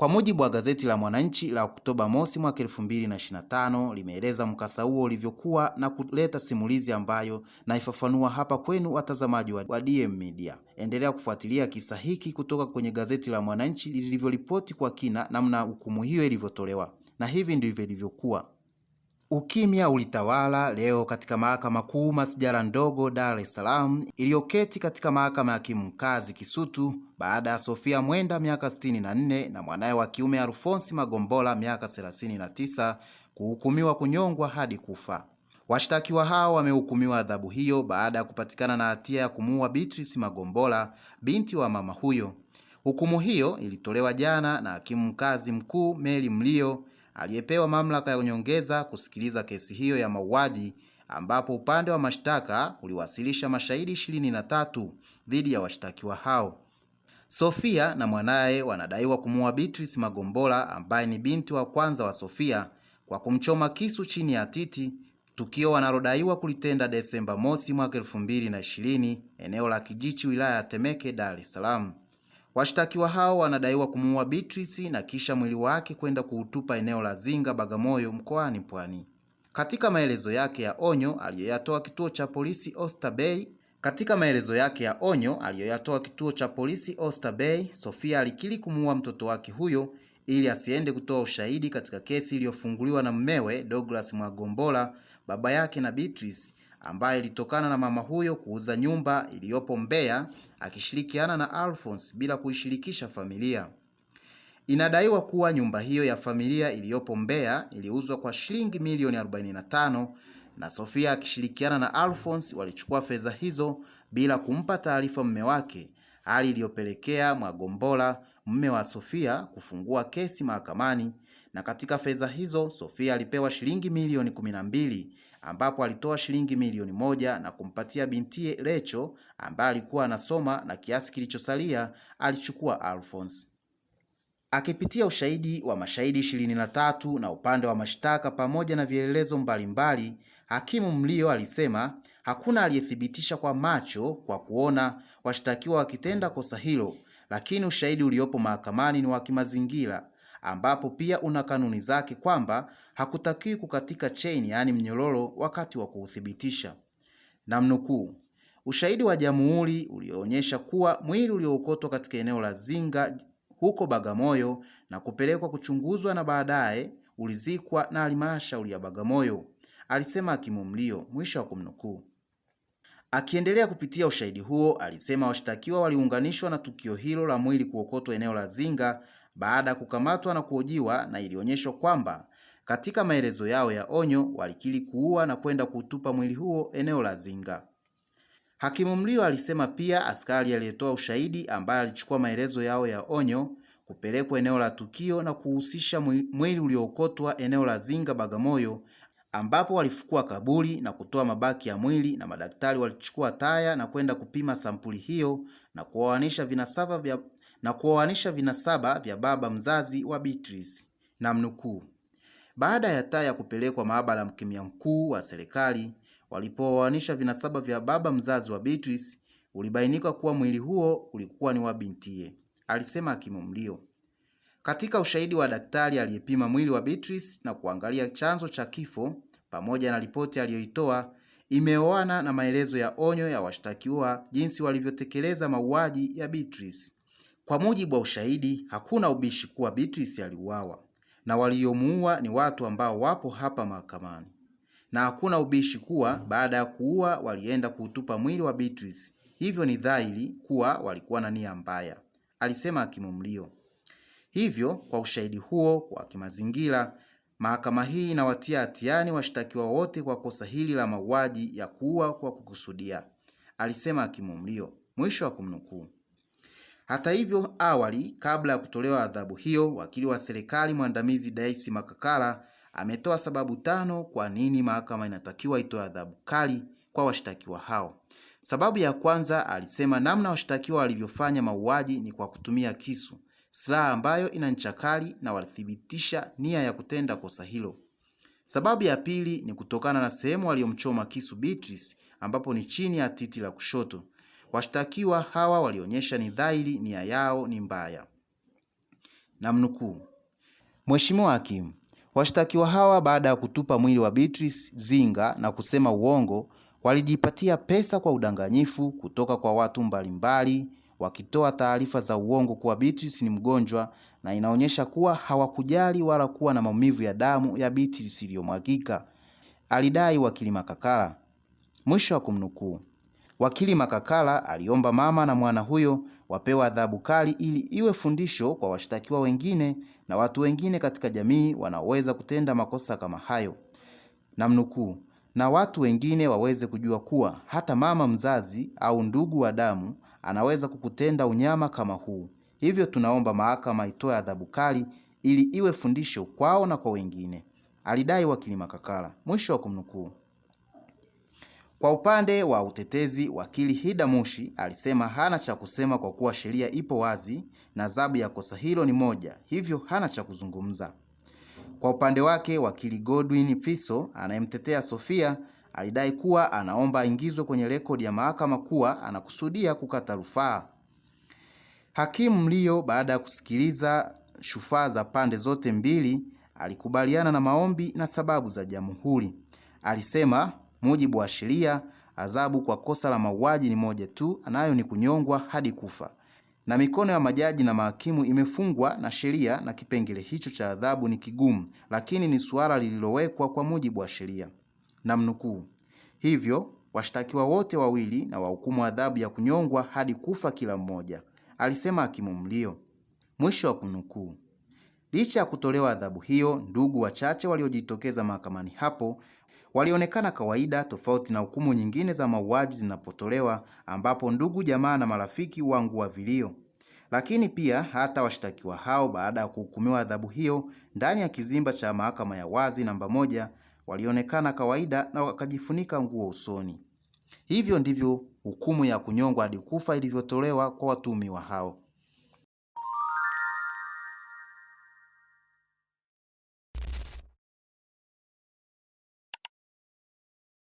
Kwa mujibu wa gazeti la Mwananchi la Oktoba mosi mwaka 2025 limeeleza mkasa huo ulivyokuwa na kuleta simulizi ambayo naifafanua hapa kwenu watazamaji wa DM Media. Endelea kufuatilia kisa hiki kutoka kwenye gazeti la Mwananchi lilivyoripoti kwa kina namna hukumu hiyo ilivyotolewa na hivi ndivyo ilivyokuwa. Ukimya ulitawala leo katika Mahakama Kuu Masjala ndogo Dar es Salaam iliyoketi katika Mahakama ya Hakimu Mkazi Kisutu baada ya sofia Mwenda miaka 64 na mwanaye wa kiume Alfonsi Magombola miaka 39 kuhukumiwa kunyongwa hadi kufa. Washtakiwa hao wamehukumiwa adhabu hiyo baada ya kupatikana na hatia ya kumuua Beatrice Magombola, binti wa mama huyo. Hukumu hiyo ilitolewa jana na Hakimu Mkazi Mkuu Mary Mlio aliyepewa mamlaka ya nyongeza kusikiliza kesi hiyo ya mauaji ambapo upande wa mashtaka uliwasilisha mashahidi ishirini na tatu dhidi ya washtakiwa hao. Sofia na mwanaye wanadaiwa kumuua Beatrice Magombola ambaye ni binti wa kwanza wa Sofia kwa kumchoma kisu chini ya titi, tukio wanalodaiwa kulitenda Desemba mosi mwaka elfu mbili na ishirini eneo la Kijichi wilaya ya Temeke, Dar es Salaam. Washtakiwa hao wanadaiwa kumuua Beatrice na kisha mwili wake kwenda kuutupa eneo la Zinga Bagamoyo mkoani Pwani. Katika maelezo yake ya onyo aliyoyatoa kituo cha polisi Oyster Bay katika maelezo yake ya onyo aliyoyatoa kituo cha polisi Oyster Bay, Sofia alikiri kumuua mtoto wake huyo ili asiende kutoa ushahidi katika kesi iliyofunguliwa na mmewe Douglas Mwagombola, baba yake na Beatrice, ambaye ilitokana na mama huyo kuuza nyumba iliyopo Mbeya akishirikiana na Alphonse bila kuishirikisha familia. Inadaiwa kuwa nyumba hiyo ya familia iliyopo Mbeya iliuzwa kwa shilingi milioni 45 na Sofia akishirikiana na Alphonse walichukua fedha hizo bila kumpa taarifa mume wake, hali iliyopelekea Mwagombola mume wa Sofia kufungua kesi mahakamani na katika fedha hizo Sofia alipewa shilingi milioni kumi na mbili ambapo alitoa shilingi milioni moja na kumpatia binti Lecho ambaye alikuwa anasoma na kiasi kilichosalia alichukua Alphonse. Akipitia ushahidi wa mashahidi ishirini na tatu na upande wa mashtaka pamoja na vielelezo mbalimbali, hakimu Mlio alisema hakuna aliyethibitisha kwa macho kwa kuona washtakiwa wakitenda kosa hilo, lakini ushahidi uliopo mahakamani ni wa kimazingira ambapo pia una kanuni zake kwamba hakutakiwi kukatika chain, yaani mnyororo, wakati wa kuuthibitisha. Namnukuu, ushahidi wa jamhuri ulioonyesha kuwa mwili uliookotwa katika eneo la Zinga huko Bagamoyo na kupelekwa kuchunguzwa na baadaye ulizikwa na halmashauri ya Bagamoyo, alisema hakimu Mlio, mwisho wa kumnukuu. Akiendelea kupitia ushahidi huo, alisema washtakiwa waliunganishwa na tukio hilo la mwili kuokotwa eneo la Zinga baada ya kukamatwa na kuhojiwa na ilionyeshwa kwamba katika maelezo yao ya onyo walikiri kuua na kwenda kutupa mwili huo eneo la Zinga. Hakimu Mlio alisema pia askari aliyetoa ushahidi ambaye alichukua maelezo yao ya onyo kupelekwa eneo la tukio na kuhusisha mwili uliookotwa eneo la Zinga Bagamoyo ambapo walifukua kaburi na kutoa mabaki ya mwili na madaktari walichukua taya na kwenda kupima sampuli hiyo na kuoanisha vinasaba vya na kuoanisha vinasaba vya baba mzazi wa Beatrice, mnukuu, baada ya Taya kupelekwa maabara ya mkemia mkuu wa serikali, walipooanisha vinasaba vya baba mzazi wa Beatrice, ulibainika kuwa mwili huo ulikuwa ni wa bintiye, alisema mlio Katika ushahidi wa daktari aliyepima mwili wa Beatrice na kuangalia chanzo cha kifo pamoja na ripoti aliyoitoa imeoana na maelezo ya onyo ya washtakiwa jinsi walivyotekeleza mauaji ya Beatrice. Kwa mujibu wa ushahidi, hakuna ubishi kuwa Beatrice aliuawa na waliomuua ni watu ambao wapo hapa mahakamani, na hakuna ubishi kuwa baada ya kuua walienda kuutupa mwili wa Beatrice, hivyo ni dhahiri kuwa walikuwa na nia mbaya, alisema hakimu Mlio. Hivyo kwa ushahidi huo wa kimazingira, mahakama hii inawatia hatiani washtakiwa wote kwa kosa hili la mauaji ya kuua kwa kukusudia, alisema hakimu Mlio. Mwisho wa kumnukuu. Hata hivyo, awali kabla ya kutolewa adhabu hiyo, wakili wa serikali mwandamizi Daisy Makakala ametoa sababu tano kwa nini mahakama inatakiwa itoe adhabu kali kwa washtakiwa hao. Sababu ya kwanza, alisema namna washtakiwa walivyofanya mauaji ni kwa kutumia kisu, silaha ambayo ina ncha kali, na walithibitisha nia ya kutenda kosa hilo. Sababu ya pili ni kutokana na sehemu waliyomchoma kisu Beatrice, ambapo ni chini ya titi la kushoto. Washtakiwa hawa walionyesha ni dhahiri nia yao ni mbaya. Namnukuu, Mheshimiwa Hakimu, washtakiwa hawa baada ya kutupa mwili wa Beatrice Zinga na kusema uongo walijipatia pesa kwa udanganyifu kutoka kwa watu mbalimbali wakitoa taarifa za uongo kuwa Beatrice ni mgonjwa na inaonyesha kuwa hawakujali wala kuwa na maumivu ya damu ya Beatrice iliyomwagika, alidai wakili Makakala. Mwisho wa kumnukuu. Wakili Makakala aliomba mama na mwana huyo wapewe adhabu kali ili iwe fundisho kwa washtakiwa wengine na watu wengine katika jamii wanaoweza kutenda makosa kama hayo. Namnukuu, na watu wengine waweze kujua kuwa hata mama mzazi au ndugu wa damu anaweza kukutenda unyama kama huu. Hivyo tunaomba mahakama itoe adhabu kali ili iwe fundisho kwao na kwa wengine, alidai wakili Makakala. Mwisho wa kumnukuu. Kwa upande wa utetezi, wakili Hida Mushi alisema hana cha kusema kwa kuwa sheria ipo wazi na adhabu ya kosa hilo ni moja, hivyo hana cha kuzungumza. Kwa upande wake, wakili Godwin Fiso anayemtetea Sofia alidai kuwa anaomba aingizwe kwenye rekodi ya mahakama kuwa anakusudia kukata rufaa. Hakimu Mlio, baada ya kusikiliza shufaa za pande zote mbili, alikubaliana na maombi na sababu za jamhuri. Alisema mujibu wa sheria, adhabu kwa kosa la mauaji ni moja tu, nayo ni kunyongwa hadi kufa, na mikono ya majaji na mahakimu imefungwa na sheria na kipengele hicho cha adhabu ni kigumu, lakini ni suala lililowekwa kwa mujibu wa sheria. Na mnukuu, hivyo washtakiwa wote wawili na wahukumu adhabu ya kunyongwa hadi kufa kila mmoja, alisema hakimu Mlio. Mwisho wa kunukuu. Licha ya kutolewa adhabu hiyo, ndugu wachache waliojitokeza mahakamani hapo walionekana kawaida tofauti na hukumu nyingine za mauaji zinapotolewa ambapo ndugu jamaa na marafiki huangua vilio. Lakini pia hata washtakiwa hao baada ya kuhukumiwa adhabu hiyo ndani ya kizimba cha mahakama ya wazi namba moja walionekana kawaida na wakajifunika nguo usoni. Hivyo ndivyo hukumu ya kunyongwa hadi kufa ilivyotolewa kwa watuhumiwa hao.